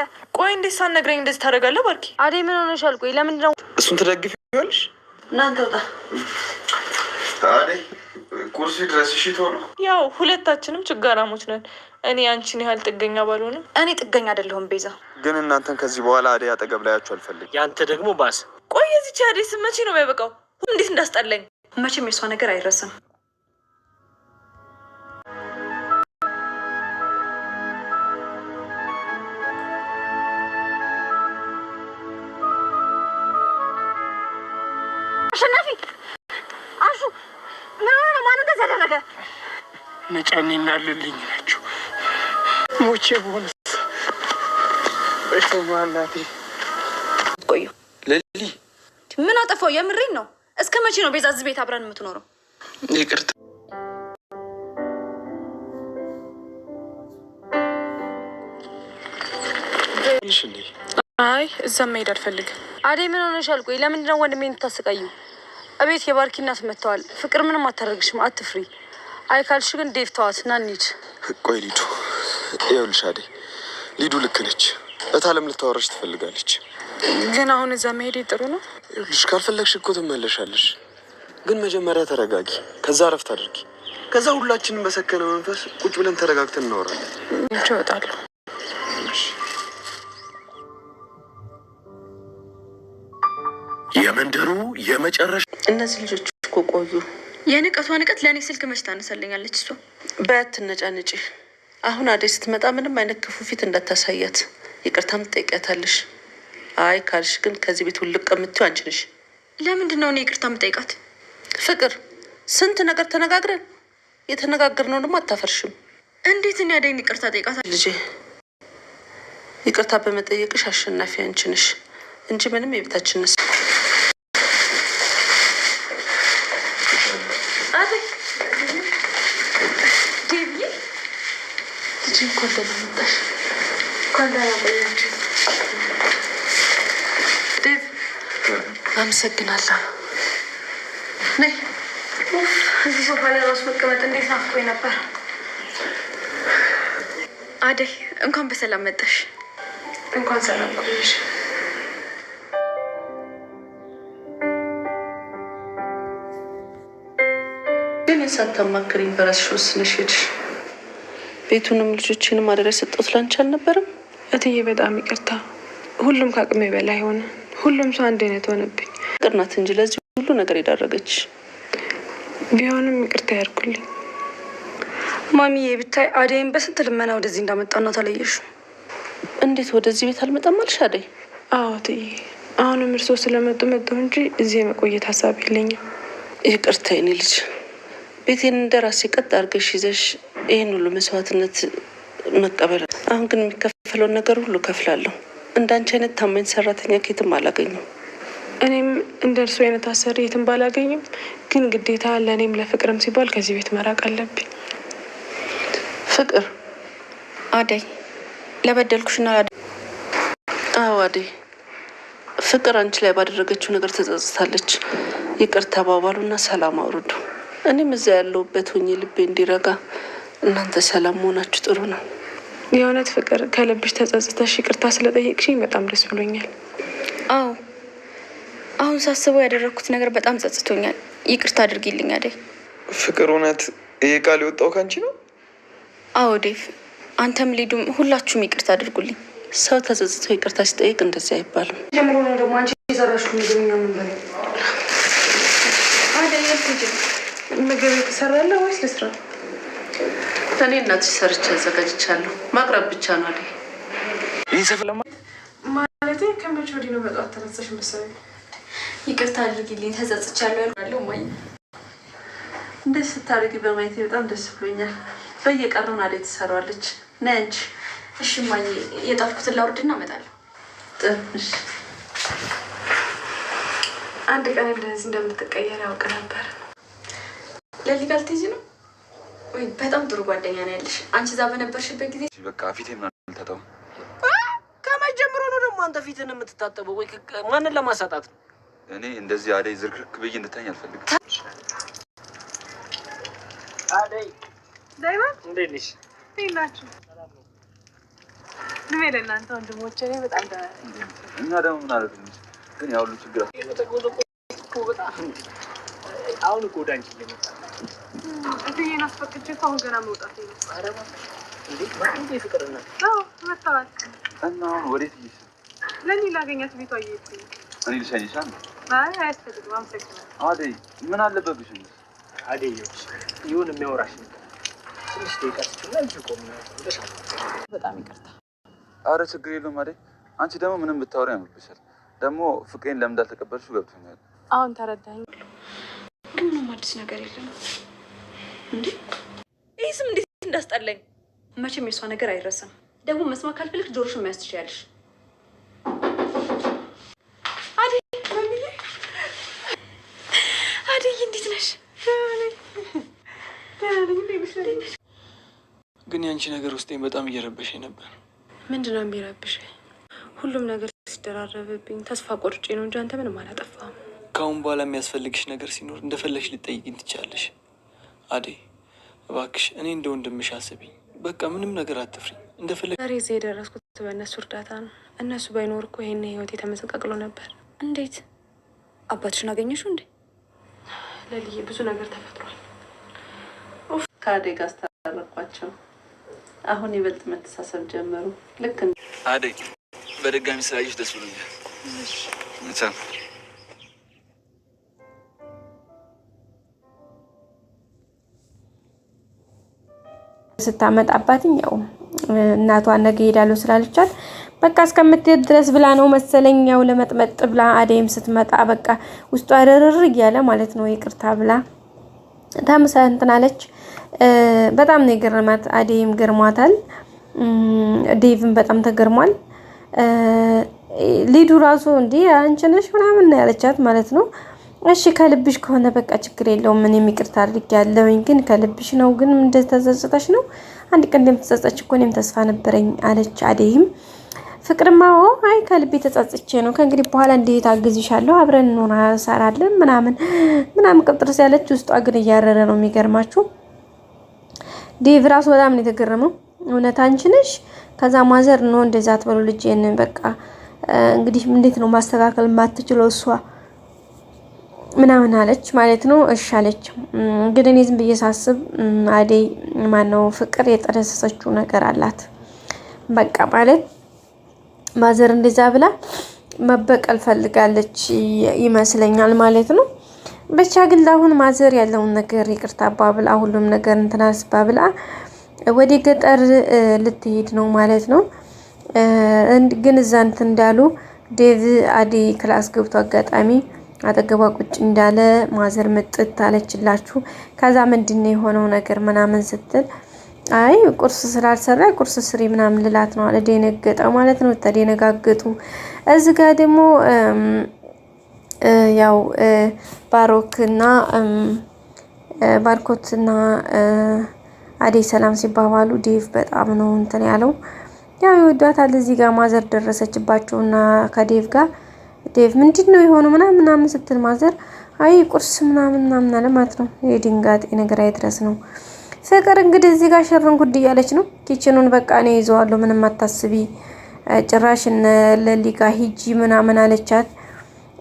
አለ። ቆይ እንዴት ሳትነግረኝ እንደዚህ ታደርጋለህ? ባርኪ አዴ ምን ሆነሻል? ቆይ ለምንድን ነው እሱን ይሆንሽ? እናንተ ወጣ አዴ ቁርስ ድረስ እሺ ቶሎ። ያው ሁለታችንም ችጋራሞች ነን። እኔ አንቺን ያህል ጥገኛ ባልሆንም እኔ ጥገኛ አይደለሁም። ቤዛ ግን እናንተን ከዚህ በኋላ አዴ አጠገብ ላያችሁ አልፈልግም። ያንተ ደግሞ ባስ። ቆይ የዚች አዴ ስም መቼ ነው የሚያበቃው? እንዴት እንዳስጠላኝ! መቼም የሷ ነገር አይረስም። ተደረገ? ነጫኔና ልልኝ ናቸው። ሞቼ በሆነስ ናቴ ቆዩ። ልሊ ምን አጠፋው? የምሬን ነው። እስከ መቼ ነው ቤዛ ቤት አብረን የምትኖረው? ይቅርታ አይ እዛም መሄድ አልፈልግም። አዴ ምን ሆነሻል? ቆይ ለምንድነው ወንድሜ የምታሰቃዩ? እቤት የባርኪ እናት መጥተዋል። ፍቅር ምንም አታደርግሽም፣ አትፍሪ። አይካልሽ ግን ዴቭ ተዋት፣ ና እንሂድ። ቆይ ሊዱ፣ ይኸውልሽ አዴ፣ ሊዱ ልክ ነች። እታለም ልታወራሽ ትፈልጋለች፣ ግን አሁን እዛ መሄድ ጥሩ ነው። ይኸውልሽ ካልፈለግሽ እኮ ትመለሻለሽ፣ ግን መጀመሪያ ተረጋጊ፣ ከዛ እረፍት አድርጊ፣ ከዛ ሁላችንም በሰከነ መንፈስ ቁጭ ብለን ተረጋግተን እናወራለን። ይወጣሉ የመንደሩ የመጨረሻ እነዚህ ልጆች እኮ ቆዩ። የንቀቷ ንቀት ለእኔ ስልክ መች ታነሳለኛለች እሷ። ነጫንጪ። አሁን አደይ ስትመጣ ምንም አይነት ክፉ ፊት እንዳታሳያት፣ ይቅርታም ትጠይቂያታለሽ። አይ ካልሽ ግን ከዚህ ቤት ውልቅ የምትይው አንቺ ነሽ። ለምንድን ነው እኔ ይቅርታ የምጠይቃት? ፍቅር ስንት ነገር ተነጋግረን የተነጋገርነው ደግሞ አታፈርሽም። እንዴት እኔ አደይን ይቅርታ ጠይቃታለሁ? ልጄ ይቅርታ በመጠየቅሽ አሸናፊ አንቺ ነሽ እንጂ ምንም የቤታችን አመሰግናለሁ። ነይ። እዚህ ሶፋ ላይ ራሱ መቀመጥ እንዴት ናፍቆኝ ነበር። አደይ እንኳን በሰላም መጣሽ። እንኳን ሰላም ቆየሽ። ግን ሳታማክሪኝ በራስሽ ወስነሽ ሄድሽ። ቤቱንም ልጆችንም አደራ የሰጠሁት ላንቺ አልነበረም እትዬ። በጣም ይቅርታ፣ ሁሉም ከአቅሜ በላይ ሆነ። ሁሉም ሰው አንድ አይነት ሆነብኝ። ፍቅር ናት እንጂ ለዚህ ሁሉ ነገር የዳረገች ቢሆንም ይቅርታ ያድርጉልኝ። ማሚዬ ብታይ አደይን በስንት ልመና ወደዚህ እንዳመጣና ተለየሹ። እንዴት ወደዚህ ቤት አልመጣም አልሽ አደይ? አዎ አሁንም እርሶ ስለመጡ መጣሁ እንጂ እዚህ የመቆየት ሀሳብ የለኝም። ይቅርታ የኔ ልጅ፣ ቤቴን እንደራሴ ቀጥ አድርገሽ ይዘሽ ይህን ሁሉ መስዋዕትነት መቀበል። አሁን ግን የሚከፈለውን ነገር ሁሉ ከፍላለሁ። እንዳንቺ አይነት ታማኝ ሰራተኛ ከየትም አላገኘም። እኔም እንደ እርሱ አይነት አሰሪ የትም ባላገኝም፣ ግን ግዴታ ለእኔም ለፍቅርም ሲባል ከዚህ ቤት መራቅ አለብኝ። ፍቅር አደይ፣ ለበደልኩሽና አዎ አደይ፣ ፍቅር አንቺ ላይ ባደረገችው ነገር ተጸጽታለች። ይቅር ተባባሉና ሰላም አውርዱ። እኔም እዚያ ያለሁበት ሆኜ ልቤ እንዲረጋ እናንተ ሰላም መሆናችሁ ጥሩ ነው። የእውነት ፍቅር ከልብሽ ተጸጽተሽ ይቅርታ ስለጠየቅሽኝ በጣም ደስ ብሎኛል። አዎ አሁን ሳስበው ያደረግኩት ነገር በጣም ጸጽቶኛል። ይቅርታ አድርጊልኝ አደይ። ፍቅር እውነት ይሄ ቃል የወጣው ከአንቺ ነው? አዎ ዴቭ፣ አንተም ሊዱም ሁላችሁም ይቅርታ አድርጉልኝ። ሰው ተጸጽቶ ይቅርታ ሲጠይቅ እንደዚህ አይባልም። ጀምሮ ደግሞ አንቺ የሰራሽ ምግብ የተሰራለ ወይስ ልስራ? ለእኔ እናትሽ ሰርቼ አዘጋጅቻለሁ። ማቅረብ ብቻ ነው። ማለቴ ከመቼ ወዲህ ነው በጠዋት ተነሳሽ መሰለኝ? ይቅርታ አድርጊልኝ ተጸጽቻለሁ። ያለው እንደዚህ ስታደርጊ በማየቴ በጣም ደስ ብሎኛል። ትሰራዋለች። ነይ አንቺ። እሺ እማዬ፣ ላውርድና እመጣለሁ። አንድ ቀን እንደዚህ እንደምትቀየር ያውቅ ነበር። ነው ወይ በጣም ጥሩ ጓደኛ ነው ያለሽ። አንቺ እዛ በነበርሽበት ጊዜ በቃ ፊት የምናልታጠው ከመቼ ጀምሮ ነው ደግሞ አንተ ፊትን የምትታጠበው? ወይ ማንን ለማሳጣት ነው? እኔ እንደዚህ አደይ ዝርክርክ ብዬ እንድታኝ አልፈልግም። አደይ እንዴት ነሽ? እንዴት ናችሁ? እድሜ ለእናንተ ወንድሞቼ። እኔ በጣም እኛ ደግሞ ምን አለት ግን ያሁሉ ችግር አሁን እኮ ወደ አንቺ እየመጣ እትዬን አስፈቅጄ እኮ አሁን ገና መውጣት ላገኛት ቤቷ ምን ይሁን የሚያወራሽ በጣም ይቅርታ። አረ ችግር የለውም አደይ። አንቺ ደግሞ ምንም ብታወሪ ያምርብሻል። ደግሞ ፍቅሬን ለምን እንዳልተቀበልሽው ገብቶኛል። አሁን ተረዳኝ። ምንም አዲስ ነገር የለም። እንዴ ይህ ስም እንዴት እንዳስጠላኝ! መቼም የሷ ነገር አይረሳም። ደግሞ መስማት ካልፈልግ ጆሮሽን መያዝ ትችያለሽ። አደይ እንዴት ነሽ? ግን የአንቺ ነገር ውስጤን በጣም እየረበሸኝ ነበር። ምንድን ነው የሚረብሽ? ሁሉም ነገር ሲደራረብብኝ ተስፋ ቆርጬ ነው እንጂ አንተ ምንም አላጠፋም። ከአሁን በኋላ የሚያስፈልግሽ ነገር ሲኖር እንደፈለሽ ልጠይቅኝ ትችያለሽ። አዴ እባክሽ እኔ እንደ ወንድምሽ አስቢኝ። በቃ ምንም ነገር አትፍሪ። እንደፈለግ ዛሬ እዚህ የደረስኩት በእነሱ እርዳታ ነው። እነሱ ባይኖር እኮ ይህን ህይወት የተመሰቃቅሎ ነበር። እንዴት አባትሽን አገኘሹ እንዴ? ለልዬ ብዙ ነገር ተፈጥሯል። ከአዴ ጋር አስታረኳቸው። አሁን ይበልጥ መተሳሰብ ጀመሩ። ልክ አዴ፣ በድጋሚ ስላየሽ ደስ ብሎኛል። ስታመጣባትኝ ያው እናቷ ነገ ሄዳለሁ ስላለቻት በቃ እስከምትሄድ ድረስ ብላ ነው መሰለኝ ያው ለመጥመጥ ብላ አደይም ስትመጣ በቃ ውስጧ ርርር እያለ ማለት ነው ይቅርታ ብላ ታምሳ እንትን አለች። በጣም ነው የገረማት። አደይም ገርሟታል። ዴቭም በጣም ተገርሟል። ሊዱ ራሱ እንዲህ አንቺ ነሽ ምናምን ያለቻት ማለት ነው እሺ ከልብሽ ከሆነ በቃ ችግር የለውም። እኔም ይቅርታ አድርጌያለሁኝ። ግን ከልብሽ ነው? ግን እንደዚህ ተጸጽተሽ ነው? አንድ ቀን እንደምትጸጸች እኮ እኔም ተስፋ ነበረኝ አለች። አደይም ፍቅርማ ኦ አይ ከልቤ ተጸጽቼ ነው። ከእንግዲህ በኋላ እንዴት አግዝሻለሁ፣ አብረን እንሰራለን ምናምን ምናምን ቅጥርስ ያለች። ውስጧ ግን እያረረ ነው። የሚገርማችሁ ዴቭ ራሱ በጣም ነው የተገረመው። እውነት አንቺ ነሽ? ከዛ ማዘር ነው እንደዛ አትበሉ ልጄን በቃ እንግዲህ እንዴት ነው ማስተካከል ማትችለው እሷ ምናምን አለች ማለት ነው። እሺ አለች። ግን እኔ ዝም ብዬ ሳስብ አደይ ማነው ፍቅር የጠነሰሰችው ነገር አላት። በቃ ማለት ማዘር እንደዛ ብላ መበቀል ፈልጋለች ይመስለኛል ማለት ነው። ብቻ ግን ለአሁን ማዘር ያለውን ነገር ይቅርታ አባብላ ሁሉም ነገር እንትን አስባብላ ወደ ገጠር ልትሄድ ነው ማለት ነው። ግን እዛ እንትን እንዳሉ ዴቭ አደይ ክላስ ገብቶ አጋጣሚ አጠገቧ ቁጭ እንዳለ ማዘር ምጥት አለችላችሁ። ከዛ ምንድነው የሆነው ነገር ምናምን ስትል አይ ቁርስ ስላልሰራ ቁርስ ስሪ ምናምን ልላት ነው አለ። ደነገጠው ማለት ነው። ተደነጋገጡ። እዚህ ጋር ደግሞ ያው ባሮክና ባርኮትና አደይ ሰላም ሲባባሉ ዴቭ በጣም ነው እንትን ያለው ያው ይወዷታል። እዚህ ጋር ማዘር ደረሰችባቸውና ከዴቭ ጋር ዴቭ ምንድን ነው የሆነው ምናምን ምናምን ስትል ማዘር አይ ቁርስ ምናምን ምናምን አለ ማለት ነው። የድንጋጤ ነገር አይድረስ ነው። ፍቅር እንግዲህ እዚህ ጋር ሸርን ጉድ እያለች ነው። ኪችኑን በቃ እኔ ይዘዋለሁ፣ ምንም አታስቢ፣ ጭራሽ እነ ሂጂ ምናምን አለቻት።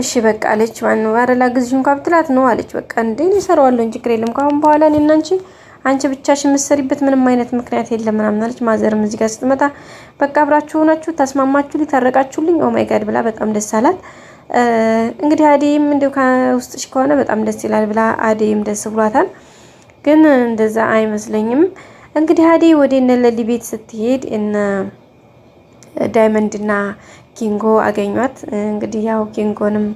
እሺ በቃ አለች። ማን ነው አረላ ግዝሽን ካብትላት ነው አለች። በቃ እንዴ እሰራዋለሁ፣ ችግር የለም። ካሁን በኋላ እኔ እና አንቺ አንቺ ብቻሽ የምትሰሪበት ምንም አይነት ምክንያት የለም ምናምን አለች። ማዘርም እዚህ ጋር ስትመጣ በቃ አብራችሁ ሆናችሁ ሊታረቃችሁልኝ ኦ ማይ ጋድ ብላ በጣም ደስ አላት። እንግዲህ አዴይም እንዲሁ ከውስጥሽ ከሆነ በጣም ደስ ይላል ብላ አዴይም ደስ ብሏታል። ግን እንደዛ አይመስለኝም። እንግዲህ አዴይ ወደ እነ ለሊ ቤት ስትሄድ እነ ዳይመንድና ኪንጎ አገኟት። እንግዲህ ያው ኪንጎንም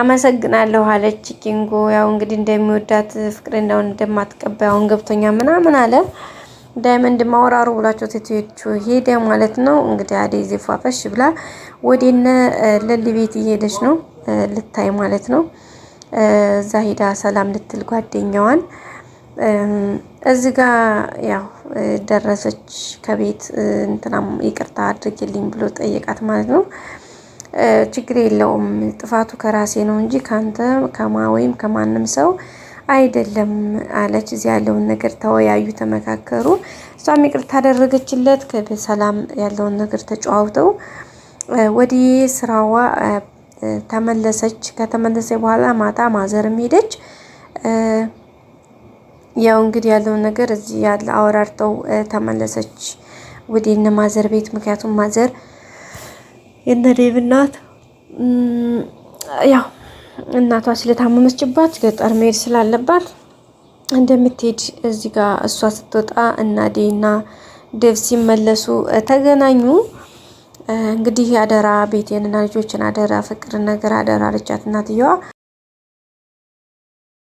አመሰግናለሁ አለች። ኪንጎ ያው እንግዲህ እንደሚወዳት ፍቅር እንዳውን እንደማትቀበል አሁን ገብቶኛ ምናምን አለ። ዳይመንድ ማወራሩ ብላቸው ሴቶቹ ሄደ ማለት ነው። እንግዲህ አደይ ዜፏፈሽ ብላ ወዴነ ለሊ ቤት እየሄደች ነው ልታይ ማለት ነው። እዛ ሄዳ ሰላም ልትል ጓደኛዋን እዚህ ጋ ያው ደረሰች። ከቤት እንትናም ይቅርታ አድርግልኝ ብሎ ጠየቃት ማለት ነው። ችግር የለውም ጥፋቱ ከራሴ ነው እንጂ ካንተ ከማ ወይም ከማንም ሰው አይደለም አለች። እዚህ ያለውን ነገር ተወያዩ፣ ተመካከሩ። እሷም ይቅርታ አደረገችለት። በሰላም ያለውን ነገር ተጫዋውተው ወደ ስራዋ ተመለሰች። ከተመለሰ በኋላ ማታ ማዘርም ሄደች። ያው እንግዲህ ያለውን ነገር እዚህ ያለ አወራርተው ተመለሰች ወደ እነ ማዘር ቤት ምክንያቱም ማዘር የነ ዴቭ እናት ያው እናቷ ስለታመመችባት ገጠር መሄድ ስላለባት እንደምትሄድ እዚህ ጋር እሷ ስትወጣ እና ዴና ዴቭ ሲመለሱ ተገናኙ። እንግዲህ አደራ ቤቴንና ልጆችን አደራ፣ ፍቅር ነገር አደራ አለቻት እናትየዋ።